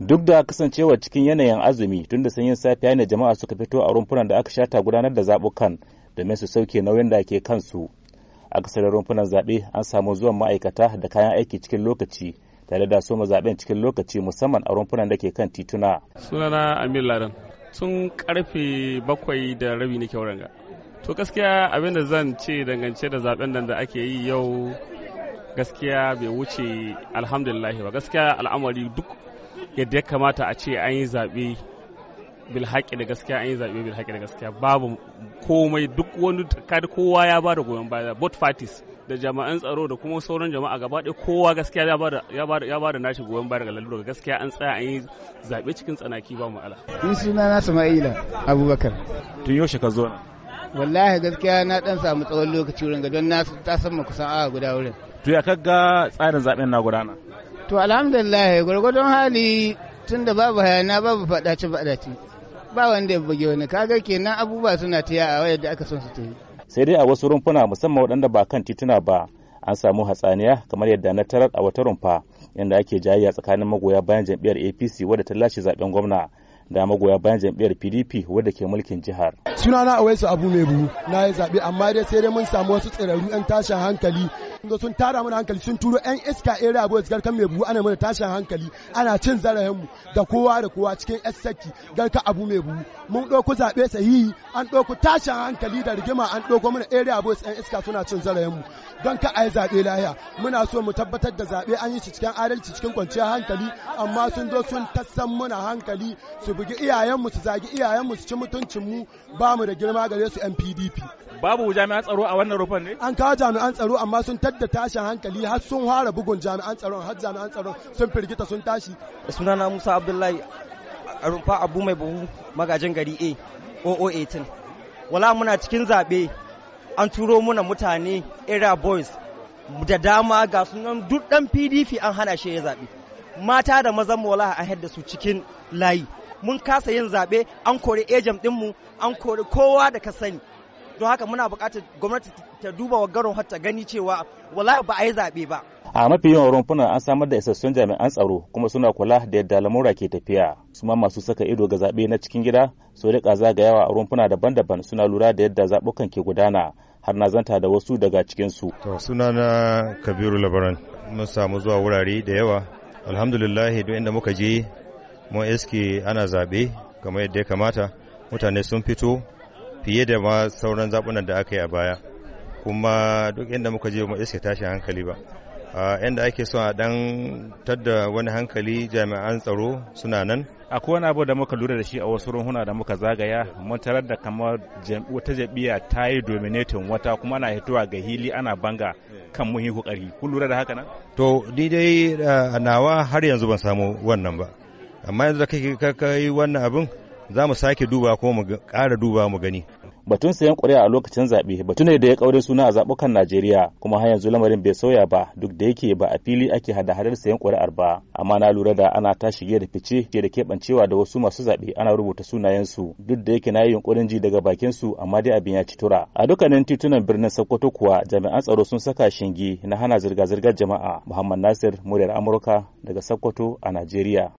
duk da kasancewa cikin yanayin azumi tunda sanyin safiya ne jama'a suka fito a rumfunan da aka shata gudanar da zabukan domin su sauke nauyin da ke kansu a kasar rumfunan zabe an samu zuwan ma'aikata da kayan aiki cikin lokaci tare da soma zaɓen cikin lokaci musamman a rumfunan da ke kan tituna sunana amir laren tun karfe bakwai da rabi kyau ranga to gaskiya abin da zan ce dangance da zaben nan da ake yi yau gaskiya bai wuce alhamdulillah ba gaskiya al'amari duk yadda ya kamata a ce an yi zaɓe bilhaƙi da gaskiya an yi zaɓe bilhaƙi da gaskiya babu komai duk wani kada kowa ya ba da goyon baya both parties da jama'an tsaro da kuma sauran jama'a gaba ɗaya kowa gaskiya ya ba da nashi goyon baya daga lalura gaskiya an tsaya an yi zaɓe cikin tsanaki ba mu'ala. ni suna na sama'ila abubakar tun yaushe ka zo na. wallahi gaskiya na ɗan samu tsawon lokaci wurin ga don na ta san kusan awa guda wurin. to ya kaga tsarin zaɓen na gudana. To alhamdulillah gwargwadon hali tun da babu hayana babu faɗace faɗace ba wanda ya buge wani kaga kenan abubuwa suna ta a wayar da aka son su ta Sai dai a wasu rumfuna musamman waɗanda ba kan tituna ba an samu hatsaniya kamar yadda na tarar a wata rumfa inda ake jayayya tsakanin magoya bayan jam'iyyar APC wadda ta lashe zaben gwamna da magoya bayan jam'iyyar pdp wadda ke mulkin jihar sunana awaisu abu mai buhu na yi zaɓe amma dai sai dai mun samu wasu tsirarru 'yan tashin hankali da sun tara mana hankali sun turo yan iska area boys garkan mai buhu ana mana tashin hankali ana cin zarafin mu da kowa da kowa cikin saki garka abu mai buhu mun ɗauku zaɓe sahihi an ɗauku tashin hankali da rigima an ɗauko mana area boys yan iska suna cin zarafin mu don ka a yi zaɓe lahiya muna so mu tabbatar da zaɓe an yi shi cikin adalci cikin kwanciyar hankali amma sun zo sun tassan muna hankali su bugi iyayenmu su zagi iyayenmu su ci mutuncinmu ba mu da girma gare su yan Babu jami'an tsaro a wannan rufan ne? An kawo jami'an tsaro amma sun tadda tashin hankali har sun hara bugun jami'an tsaro, har jami'an tsaron sun firgita sun tashi. Sunana Musa Abdullahi a Abu Mai Buhu magajin gari A OO18. Wala muna cikin zaɓe an turo muna mutane era boys da dama ga sunan duk dan PDP an hana shi ya zaɓe. Mata da mazan wala a hadda su cikin layi. Mun kasa yin zaɓe an kori ejam ɗinmu an kori kowa da ka sani. don haka muna buƙatar gwamnati ta duba wa har ta gani cewa wallahi ba a yi zaɓe ba a mafi yawan rumfuna an samar da isassun jami'an tsaro kuma suna kula da yadda lamura ke tafiya su ma masu saka ido ga zaɓe na cikin gida su ga yawa a rumfuna daban-daban suna lura da yadda zaɓukan ke gudana har na zanta da wasu daga cikinsu. to na kabiru labaran mun samu zuwa wurare da yawa alhamdulillah duk inda muka je mun iske ana zaɓe kamar yadda ya kamata mutane sun fito fiye da ma sauran zaɓunan da aka yi a baya kuma duk inda muka je mu iske tashi hankali ba inda ake so a dan tadda wani hankali jami'an tsaro suna nan akwai wani abu da muka lura da shi a wasu runhuna da muka zagaya mun tarar da kamar wata jabiya ta yi dominatin wata kuma ana hitowa ga hili ana banga kan muhi kokari kun lura da haka nan to ni dai eh, nawa har yanzu ban samu wannan ba amma yanzu da kake kai wannan abin za mu sake duba ko mu ƙara duba mu gani batun sayan ƙuri'a a lokacin zaɓe batu ne da ya ƙaure suna a zaɓukan Najeriya kuma har yanzu lamarin bai sauya ba duk da yake ba a fili ake hada-hadar sayan ƙuri'ar ba amma na lura da ana ta shige da fice ke da keɓancewa da wasu masu zaɓe ana rubuta sunayensu duk da yake na yi yunƙurin ji daga bakin su amma dai abin ya ci tura a dukkanin titunan birnin Sokoto kuwa jami'an tsaro sun saka shinge na hana zirga-zirgar jama'a Muhammad Nasir muryar Amurka daga Sokoto a Najeriya